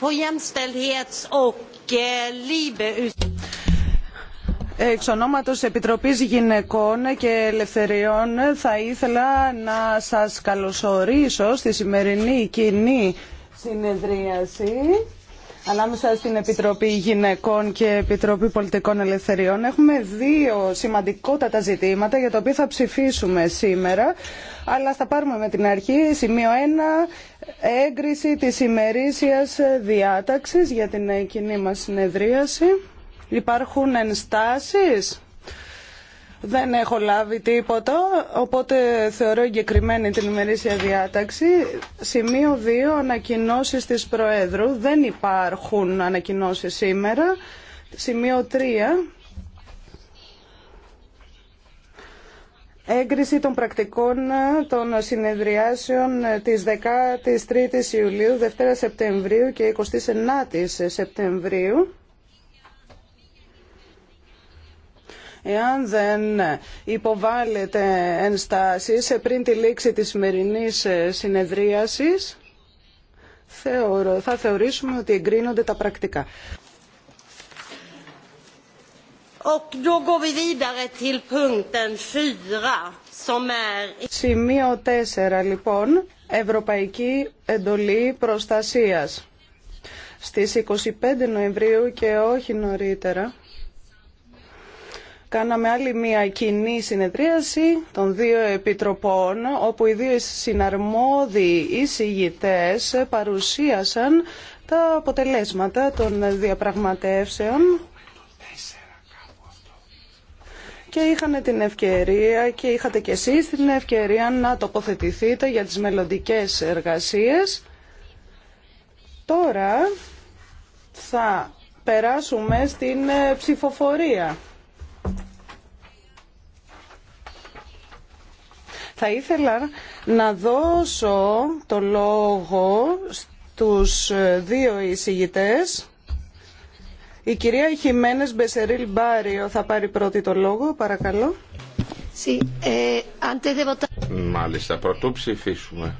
på Εξ Επιτροπής Γυναικών και Ελευθεριών θα ήθελα να σα καλωσορίσω στη σημερινή κοινή συνεδρίαση ανάμεσα στην Επιτροπή Γυναικών και Επιτροπή Πολιτικών Ελευθεριών. Έχουμε δύο σημαντικότατα ζητήματα για τα οποία θα ψηφίσουμε σήμερα, αλλά θα πάρουμε με την αρχή σημείο 1, έγκριση της ημερήσιας διάταξης για την κοινή μας συνεδρίαση. Υπάρχουν ενστάσεις. Δεν έχω λάβει τίποτα, οπότε θεωρώ εγκεκριμένη την ημερήσια διάταξη. Σημείο 2, ανακοινώσεις της Προέδρου. Δεν υπάρχουν ανακοινώσεις σήμερα. Σημείο 3, έγκριση των πρακτικών των συνεδριάσεων της 13ης Ιουλίου, 2 Σεπτεμβρίου και 29ης Σεπτεμβρίου. Εάν δεν υποβάλλεται ενστάσεις πριν τη λήξη της σημερινή ε, συνεδρίασης, θα θεωρήσουμε ότι εγκρίνονται τα πρακτικά. Σημείο 4 λοιπόν, Ευρωπαϊκή Εντολή Προστασίας. Στις 25 Νοεμβρίου και όχι νωρίτερα, κάναμε άλλη μια κοινή συνεδρίαση των δύο επιτροπών όπου οι δύο συναρμόδιοι εισηγητές παρουσίασαν τα αποτελέσματα των διαπραγματεύσεων και είχαν την ευκαιρία και είχατε και εσείς την ευκαιρία να τοποθετηθείτε για τις μελλοντικές εργασίες. Τώρα θα περάσουμε στην ε, ψηφοφορία. Θα ήθελα να δώσω το λόγο στους δύο εισηγητές. Η κυρία Χιμένες Μπεσερίλ Μπάριο θα πάρει πρώτη το λόγο, παρακαλώ. Eh, Μάλιστα, πρωτού ψηφίσουμε.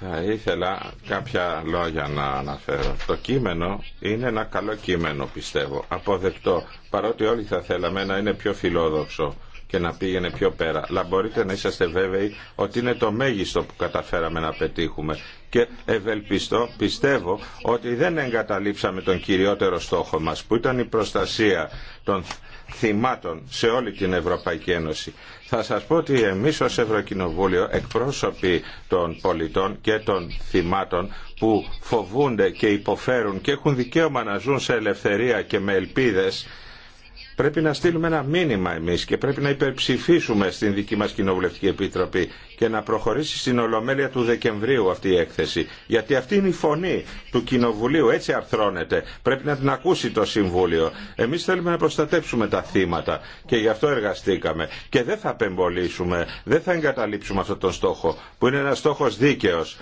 Θα ήθελα κάποια λόγια να αναφέρω. Το κείμενο είναι ένα καλό κείμενο, πιστεύω. Αποδεκτό, παρότι όλοι θα θέλαμε να είναι πιο φιλόδοξο και να πήγαινε πιο πέρα. Αλλά μπορείτε να είσαστε βέβαιοι ότι είναι το μέγιστο που καταφέραμε να πετύχουμε. Και ευελπιστώ, πιστεύω ότι δεν εγκαταλείψαμε τον κυριότερο στόχο μας που ήταν η προστασία των θυμάτων σε όλη την Ευρωπαϊκή Ένωση. Θα σας πω ότι εμείς ως Ευρωκοινοβούλιο εκπρόσωποι των πολιτών και των θυμάτων που φοβούνται και υποφέρουν και έχουν δικαίωμα να ζουν σε ελευθερία και με ελπίδες Πρέπει να στείλουμε ένα μήνυμα εμείς και πρέπει να υπερψηφίσουμε στην δική μας Κοινοβουλευτική Επίτροπη και να προχωρήσει στην Ολομέλεια του Δεκεμβρίου αυτή η έκθεση. Γιατί αυτή είναι η φωνή του Κοινοβουλίου, έτσι αρθρώνεται. Πρέπει να την ακούσει το Συμβούλιο. Εμείς θέλουμε να προστατέψουμε τα θύματα και γι' αυτό εργαστήκαμε. Και δεν θα απεμπολίσουμε, δεν θα εγκαταλείψουμε αυτόν τον στόχο, που είναι ένας στόχος δίκαιος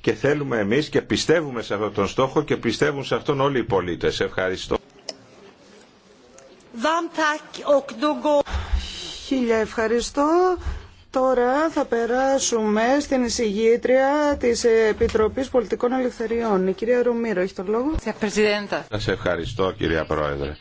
και θέλουμε εμείς και πιστεύουμε σε αυτόν τον στόχο και πιστεύουν σε αυτόν όλοι οι πολίτες. Ευχαριστώ. Χίλια ευχαριστώ. Τώρα θα περάσουμε στην εισηγήτρια της Επιτροπής Πολιτικών Ελευθεριών. Η κυρία Ρουμίρο έχει τον λόγο. Σα ευχαριστώ κυρία Πρόεδρε.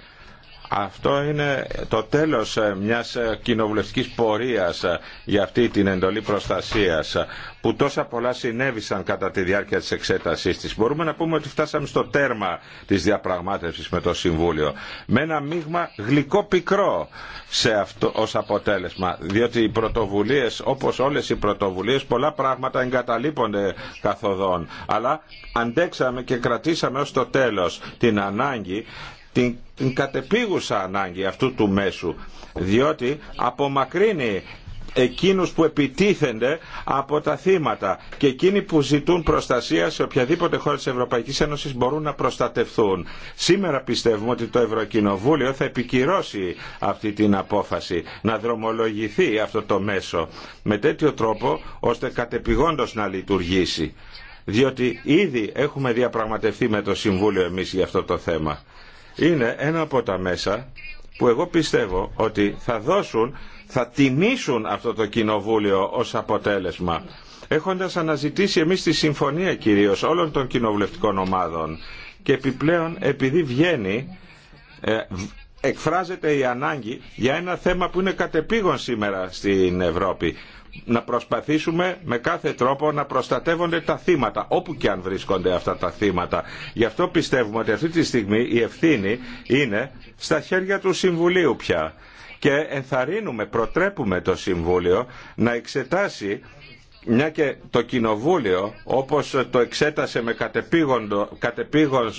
Αυτό είναι το τέλος ε, μιας ε, κοινοβουλευτικής πορείας ε, για αυτή την εντολή προστασίας που τόσα πολλά συνέβησαν κατά τη διάρκεια της εξέτασής της. Μπορούμε να πούμε ότι φτάσαμε στο τέρμα της διαπραγμάτευσης με το Συμβούλιο με ένα μείγμα γλυκό πικρό σε αυτό, ως αποτέλεσμα διότι οι πρωτοβουλίες όπως όλες οι πρωτοβουλίες πολλά πράγματα εγκαταλείπονται καθοδόν αλλά αντέξαμε και κρατήσαμε ως το τέλος την ανάγκη την κατεπίγουσα ανάγκη αυτού του μέσου διότι απομακρύνει εκείνους που επιτίθενται από τα θύματα και εκείνοι που ζητούν προστασία σε οποιαδήποτε χώρα της Ευρωπαϊκής Ένωσης μπορούν να προστατευθούν. Σήμερα πιστεύουμε ότι το Ευρωκοινοβούλιο θα επικυρώσει αυτή την απόφαση, να δρομολογηθεί αυτό το μέσο με τέτοιο τρόπο ώστε κατεπηγόντως να λειτουργήσει. Διότι ήδη έχουμε διαπραγματευτεί με το Συμβούλιο εμείς για αυτό το θέμα είναι ένα από τα μέσα που εγώ πιστεύω ότι θα δώσουν, θα τιμήσουν αυτό το κοινοβούλιο ως αποτέλεσμα έχοντας αναζητήσει εμείς τη συμφωνία κυρίως όλων των κοινοβουλευτικών ομάδων και επιπλέον επειδή βγαίνει ε, εκφράζεται η ανάγκη για ένα θέμα που είναι κατεπήγον σήμερα στην Ευρώπη. Να προσπαθήσουμε με κάθε τρόπο να προστατεύονται τα θύματα, όπου και αν βρίσκονται αυτά τα θύματα. Γι' αυτό πιστεύουμε ότι αυτή τη στιγμή η ευθύνη είναι στα χέρια του Συμβουλίου πια. Και ενθαρρύνουμε, προτρέπουμε το Συμβούλιο να εξετάσει μια και το Κοινοβούλιο όπως το εξέτασε με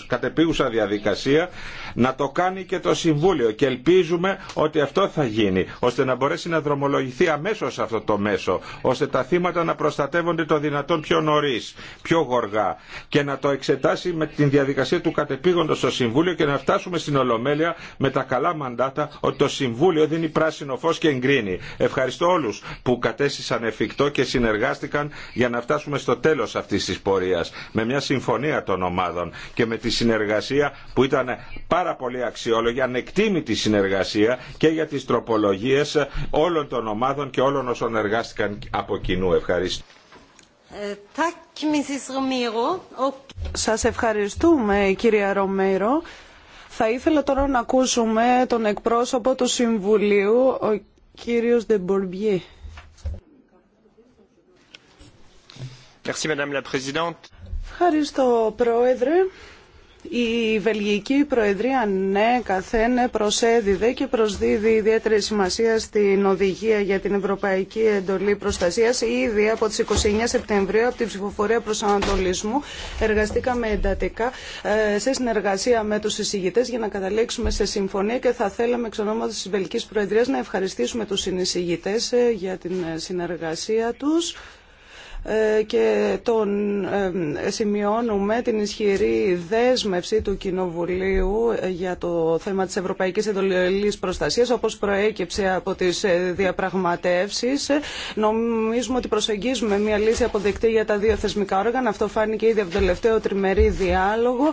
κατεπήγουσα διαδικασία να το κάνει και το Συμβούλιο και ελπίζουμε ότι αυτό θα γίνει ώστε να μπορέσει να δρομολογηθεί αμέσως αυτό το μέσο ώστε τα θύματα να προστατεύονται το δυνατόν πιο νωρίς, πιο γοργά και να το εξετάσει με την διαδικασία του κατεπήγοντος στο Συμβούλιο και να φτάσουμε στην Ολομέλεια με τα καλά μαντάτα ότι το Συμβούλιο δίνει πράσινο φως και εγκρίνει. Ευχαριστώ όλους που κατέστησαν εφικτό και συνεργά για να φτάσουμε στο τέλος αυτής της πορείας με μια συμφωνία των ομάδων και με τη συνεργασία που ήταν πάρα πολύ αξιόλογη, ανεκτήμητη συνεργασία και για τις τροπολογίες όλων των ομάδων και όλων όσων εργάστηκαν από κοινού. Ευχαριστώ. Σας ευχαριστούμε κυρία Ρομέρο. Θα ήθελα τώρα να ακούσουμε τον εκπρόσωπο του Συμβουλίου, ο κύριος Ντεμπορμπιέ. Ευχαριστώ, Πρόεδρε. Η Βελγική Προεδρία ναι καθένα προσέδιδε και προσδίδει ιδιαίτερη σημασία στην οδηγία για την Ευρωπαϊκή Εντολή Προστασίας. Ήδη από τις 29 Σεπτεμβρίου από την ψηφοφορία προς Ανατολισμού εργαστήκαμε εντατικά ε, σε συνεργασία με τους εισηγητές για να καταλήξουμε σε συμφωνία και θα θέλαμε εξ ονόματος της Βελγικής Προεδρίας να ευχαριστήσουμε τους συνεισηγητές ε, για την συνεργασία τους. Ε, και τον σημειώνουμε την ισχυρή δέσμευση του Κοινοβουλίου ε, για το θέμα της Ευρωπαϊκής Εντολής Προστασίας όπως προέκυψε από τις ε, διαπραγματεύσεις. Νομίζουμε ότι προσεγγίζουμε μια λύση αποδεκτή για τα δύο θεσμικά όργανα. Αυτό φάνηκε ήδη από το τελευταίο τριμερή διάλογο.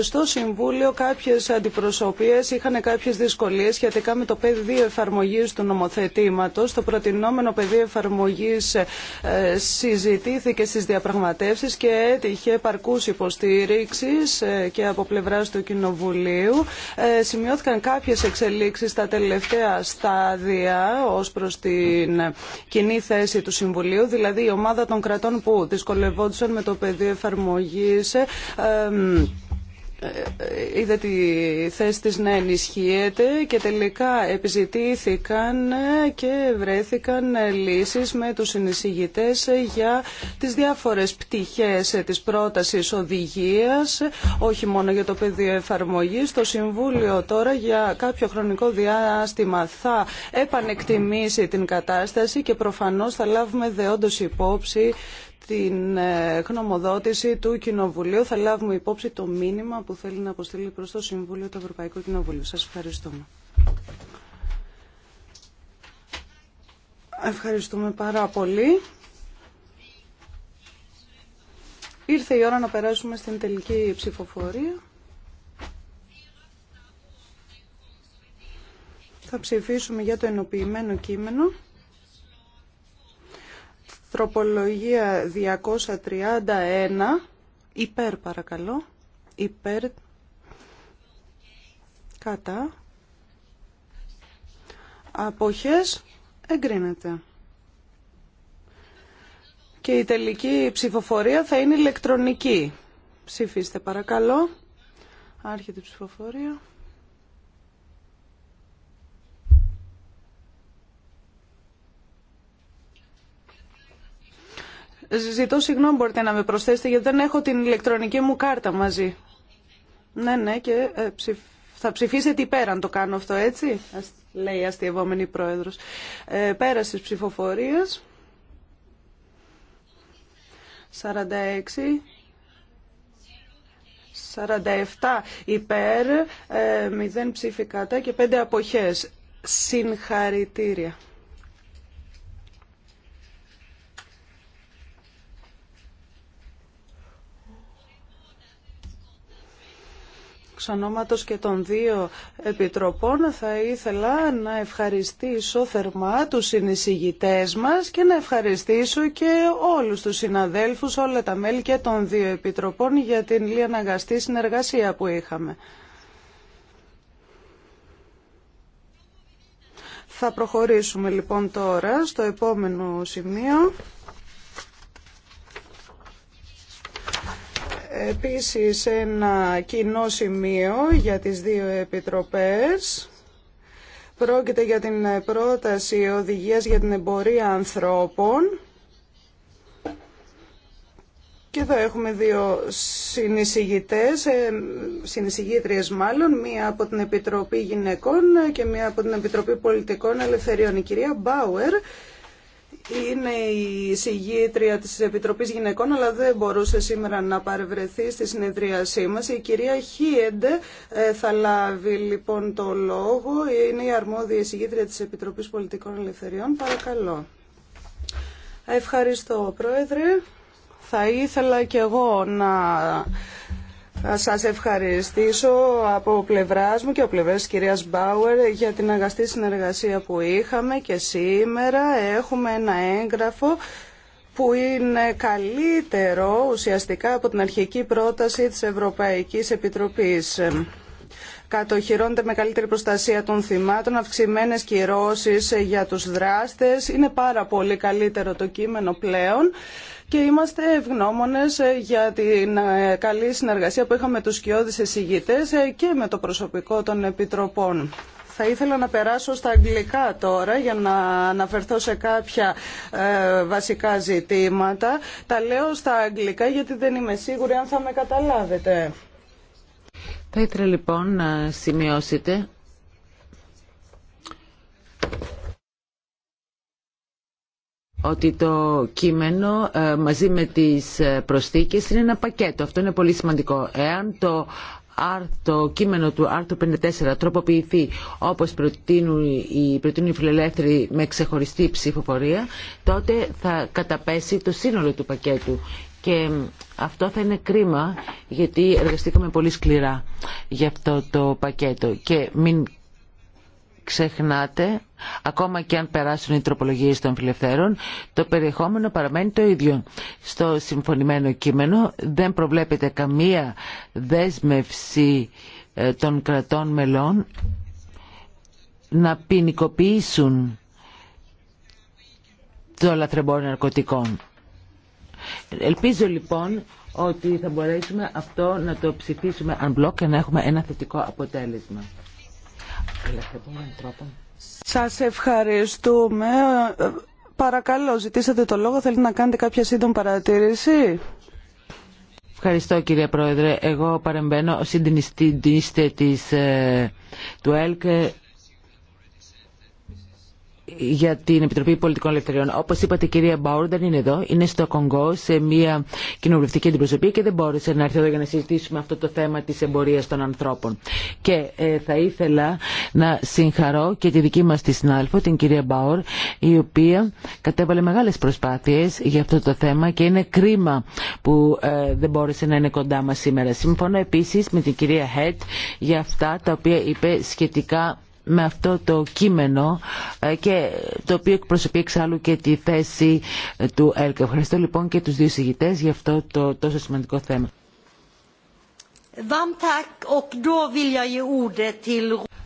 Στο Συμβούλιο κάποιες αντιπροσωπείες είχαν κάποιες δυσκολίες σχετικά με το πεδίο εφαρμογής του νομοθετήματος. Το προτινόμενο πεδίο εφαρμογής συζητήθηκε στις διαπραγματεύσεις και έτυχε παρκούς υποστήριξης ε, και από πλευράς του Κοινοβουλίου. Ε, σημειώθηκαν κάποιες εξελίξεις στα τελευταία στάδια ως προς την κοινή θέση του Συμβουλίου, δηλαδή η ομάδα των κρατών που δυσκολευόντουσαν με το πεδίο εφαρμογής ε, ε, ε, είδε τη θέση της να ενισχύεται και τελικά επιζητήθηκαν και βρέθηκαν λύσεις με τους συνεισηγητές για τις διάφορες πτυχές της πρότασης οδηγίας, όχι μόνο για το πεδίο εφαρμογής. Το Συμβούλιο τώρα για κάποιο χρονικό διάστημα θα επανεκτιμήσει την κατάσταση και προφανώς θα λάβουμε δεόντως υπόψη την ε, γνωμοδότηση του Κοινοβουλίου θα λάβουμε υπόψη το μήνυμα που θέλει να αποστείλει προς το Συμβούλιο του Ευρωπαϊκού Κοινοβουλίου. Σας ευχαριστούμε. Ευχαριστούμε πάρα πολύ. Ήρθε η ώρα να περάσουμε στην τελική ψηφοφορία. Θα ψηφίσουμε για το ενοποιημένο κείμενο. Τροπολογία 231 υπέρ παρακαλώ υπέρ κατά αποχές εγκρίνεται. Και η τελική ψηφοφορία θα είναι ηλεκτρονική. Ψηφίστε παρακαλώ. Άρχεται η ψηφοφορία. Ζητώ συγγνώμη, μπορείτε να με προσθέσετε, γιατί δεν έχω την ηλεκτρονική μου κάρτα μαζί. Ναι, ναι, και ε, θα ψηφίσετε υπέρ αν το κάνω αυτό, έτσι, λέει αστειευόμενη πρόεδρος. Ε, πέρασε της ψηφοφορίας. 46. 47 υπέρ, 0 ε, ψήφι κατά και 5 αποχές. Συγχαρητήρια. σανόματος και των δύο επιτροπών θα ήθελα να ευχαριστήσω θερμά τους συνεισηγητές μας και να ευχαριστήσω και όλους τους συναδέλφους, όλα τα μέλη και των δύο επιτροπών για την λιαναγκαστή συνεργασία που είχαμε. Θα προχωρήσουμε λοιπόν τώρα στο επόμενο σημείο. Επίσης ένα κοινό σημείο για τις δύο επιτροπές. Πρόκειται για την πρόταση οδηγίας για την εμπορία ανθρώπων. Και εδώ έχουμε δύο συνεισηγητές, ε, συνεισηγήτριες μάλλον, μία από την Επιτροπή Γυναικών και μία από την Επιτροπή Πολιτικών Ελευθεριών. Η κυρία Μπάουερ είναι η συγγήτρια της Επιτροπής Γυναικών, αλλά δεν μπορούσε σήμερα να παρευρεθεί στη συνεδρίασή μας. Η κυρία Χίεντε ε, θα λάβει λοιπόν το λόγο. Είναι η αρμόδια συγγήτρια της Επιτροπής Πολιτικών Ελευθεριών. Παρακαλώ. Ευχαριστώ, Πρόεδρε. Θα ήθελα και εγώ να θα σας ευχαριστήσω από πλευράς μου και από πλευράς της κυρίας Μπάουερ για την αγαστή συνεργασία που είχαμε και σήμερα έχουμε ένα έγγραφο που είναι καλύτερο ουσιαστικά από την αρχική πρόταση της Ευρωπαϊκής Επιτροπής. Κατοχυρώνεται με καλύτερη προστασία των θυμάτων, αυξημένες κυρώσεις για τους δράστες. Είναι πάρα πολύ καλύτερο το κείμενο πλέον και είμαστε ευγνώμονες ε, για την ε, καλή συνεργασία που είχαμε με τους σκιώδεις εισηγητές ε, και με το προσωπικό των επιτροπών. Θα ήθελα να περάσω στα αγγλικά τώρα για να αναφερθώ σε κάποια βασικά ζητήματα. Τα λέω στα αγγλικά γιατί δεν είμαι σίγουρη αν θα με καταλάβετε. Θα ήθελα λοιπόν να σημειώσετε ότι το κείμενο ε, μαζί με τις ε, προσθήκες είναι ένα πακέτο. Αυτό είναι πολύ σημαντικό. Εάν το το κείμενο του άρθρου 54 τροποποιηθεί όπως προτείνουν οι, προτείνουν οι φιλελεύθεροι με ξεχωριστή ψηφοφορία, τότε θα καταπέσει το σύνολο του πακέτου. Και αυτό θα είναι κρίμα γιατί εργαστήκαμε πολύ σκληρά για αυτό το πακέτο ξεχνάτε, ακόμα και αν περάσουν οι τροπολογίες των φιλευθέρων, το περιεχόμενο παραμένει το ίδιο. Στο συμφωνημένο κείμενο δεν προβλέπεται καμία δέσμευση ε, των κρατών μελών να ποινικοποιήσουν το λαθρεμπόριο ναρκωτικών. Ελπίζω λοιπόν ότι θα μπορέσουμε αυτό να το ψηφίσουμε αν μπλοκ και να έχουμε ένα θετικό αποτέλεσμα. Σας ευχαριστούμε. Παρακαλώ, ζητήσατε το λόγο. Θέλετε να κάνετε κάποια σύντομη παρατήρηση. Ευχαριστώ κύριε Πρόεδρε. Εγώ παρεμβαίνω συντηνιστή της, ε, του ΕΛΚ για την Επιτροπή Πολιτικών Ελευθεριών. Όπω είπατε η κυρία Μπάουρ δεν είναι εδώ, είναι στο Κονγκό σε μια κοινοβουλευτική αντιπροσωπή και δεν μπόρεσε να έρθει εδώ για να συζητήσουμε αυτό το θέμα τη εμπορία των ανθρώπων. Και ε, θα ήθελα να συγχαρώ και τη δική μα τη συνάδελφο, την κυρία Μπάουρ, η οποία κατέβαλε μεγάλε προσπάθειε για αυτό το θέμα και είναι κρίμα που ε, δεν μπόρεσε να είναι κοντά μα σήμερα. Συμφωνώ επίση με την κυρία Χέτ για αυτά τα οποία είπε σχετικά με αυτό το κείμενο ε, και το οποίο εκπροσωπεί εξάλλου και τη θέση ε, του ΕΛΚ. Ευχαριστώ λοιπόν και τους δύο συγητές για αυτό το τόσο σημαντικό θέμα.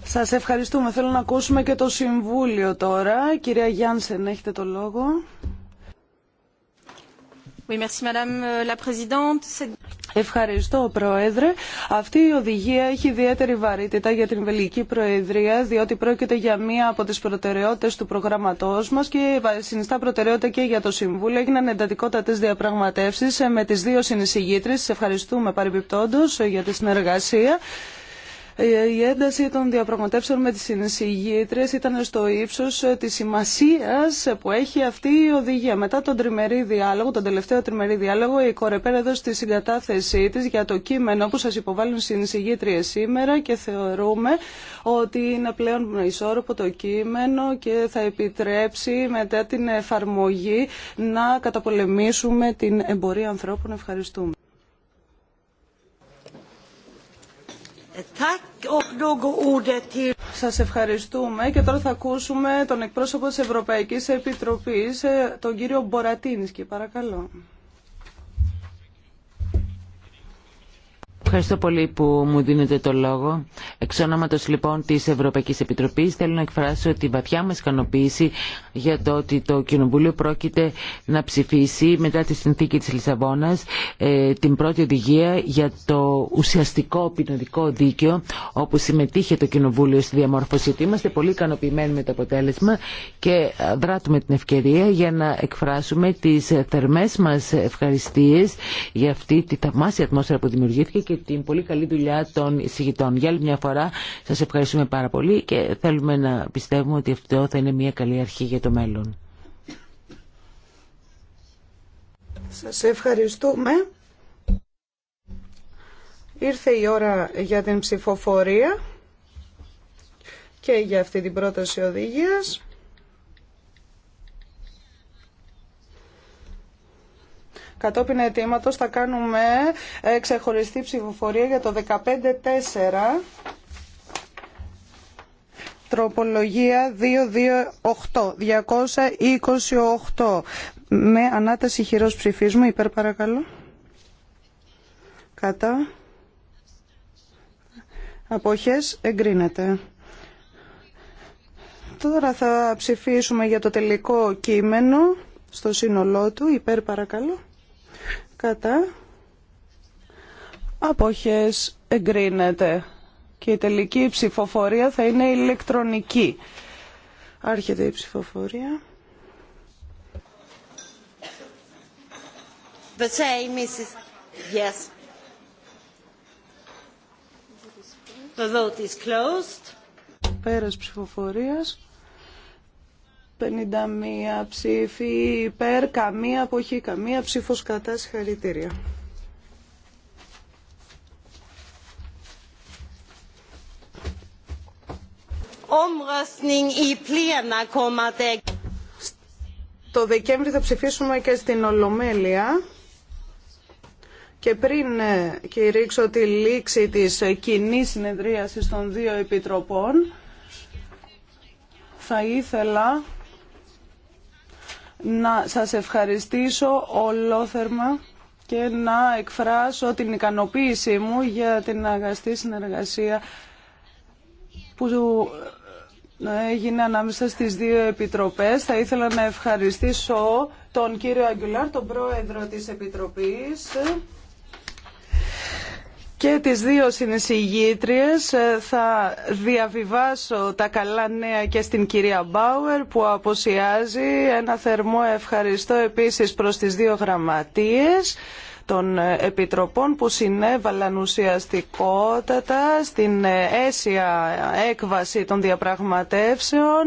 Σας ευχαριστούμε. Θέλω να ακούσουμε και το Συμβούλιο τώρα. Κυρία Γιάνσεν, έχετε το λόγο. Euh, Ευχαριστώ, Πρόεδρε. Αυτή η οδηγία έχει ιδιαίτερη βαρύτητα για την Βελική Προεδρία, διότι πρόκειται για μία από τι προτεραιότητε του προγράμματό μα και συνιστά προτεραιότητα και για το Συμβούλιο. Έγιναν εντατικότατε διαπραγματεύσει με τι δύο συνεισηγήτρε. ευχαριστούμε παρεμπιπτόντω για τη συνεργασία. Ε, η ένταση των διαπραγματεύσεων με τις συνεισηγήτρες ήταν στο ύψος ε, της σημασίας που έχει αυτή η οδηγία. Μετά τον τριμερή διάλογο, τον τελευταίο τριμερή διάλογο, η Κορεπέρα έδωσε τη συγκατάθεσή της για το κείμενο που σας υποβάλλουν οι συνεισηγήτριες σήμερα και θεωρούμε ότι είναι πλέον ισόρροπο το κείμενο και θα επιτρέψει μετά την εφαρμογή να καταπολεμήσουμε την εμπορία ανθρώπων. Ευχαριστούμε. Σας ευχαριστούμε και τώρα θα ακούσουμε τον εκπρόσωπο της Ευρωπαϊκής Επιτροπής, ε, τον κύριο Μπορατίνσκι. Παρακαλώ. Ευχαριστώ πολύ που μου δίνετε το λόγο. Εξ ονόματος λοιπόν της Ευρωπαϊκής Επιτροπής θέλω να εκφράσω τη βαθιά μας ικανοποίηση για το ότι το Κοινοβούλιο πρόκειται να ψηφίσει μετά τη συνθήκη της Λισαβόνας ε, την πρώτη οδηγία για το ουσιαστικό ποινωτικό δίκαιο όπου συμμετείχε το Κοινοβούλιο στη διαμόρφωση Είμαστε πολύ ικανοποιημένοι με το αποτέλεσμα και δράτουμε την ευκαιρία για να εκφράσουμε τις θερμές μας ευχαριστίες για αυτή τη θαυμάσια ατμόσφαιρα που δημιουργήθηκε και την πολύ καλή δουλειά των εισηγητών. Για άλλη μια φορά. Σας ευχαριστούμε πάρα πολύ και θέλουμε να πιστεύουμε ότι αυτό θα είναι μια καλή αρχή για το μέλλον. Σας ευχαριστούμε. Ήρθε η ώρα για την ψηφοφορία και για αυτή την πρόταση οδηγίας. Κατόπιν αιτήματο θα κάνουμε ε, ξεχωριστή ψηφοφορία για το 15-4. Τροπολογία 228, 228. Με ανάταση χειρός ψηφίσμου, υπέρ παρακαλώ. Κατά. Αποχές εγκρίνεται. Τώρα θα ψηφίσουμε για το τελικό κείμενο στο σύνολό του. Υπέρ παρακαλώ κατά αποχές εγκρίνεται και η τελική ψηφοφορία θα είναι ηλεκτρονική. Άρχεται η ψηφοφορία. The same Mrs. Yes. The vote is closed. Πέρας ψηφοφορίας. 51 ψήφοι υπέρ, καμία αποχή, καμία ψήφος κατά συγχαρητήρια. Το Δεκέμβρη θα ψηφίσουμε και στην Ολομέλεια και πριν ε, κηρύξω τη λήξη της ε, κοινή συνεδρίασης των δύο επιτροπών θα ήθελα να σας ευχαριστήσω ολόθερμα και να εκφράσω την ικανοποίησή μου για την αγαστή συνεργασία που έγινε ανάμεσα στις δύο επιτροπές. Θα ήθελα να ευχαριστήσω τον κύριο Αγγουλάρ, τον πρόεδρο της Επιτροπής, και τις δύο συνεισηγήτριες ε, θα διαβιβάσω τα καλά νέα και στην κυρία Μπάουερ που αποσιάζει ένα θερμό ευχαριστώ επίσης προς τις δύο γραμματείες των επιτροπών που συνέβαλαν ουσιαστικότατα στην αίσια έκβαση των διαπραγματεύσεων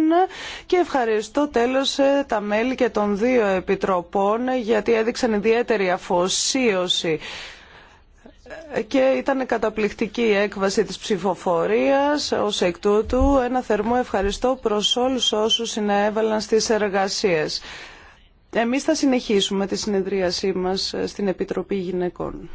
και ευχαριστώ τέλος ε, τα μέλη και των δύο επιτροπών γιατί έδειξαν ιδιαίτερη αφοσίωση και ήταν καταπληκτική η έκβαση της ψηφοφορίας ως εκ τούτου ένα θερμό ευχαριστώ προς όλους όσους συνέβαλαν στις εργασίες. Εμείς θα συνεχίσουμε τη συνεδρίασή μας στην Επιτροπή Γυναικών.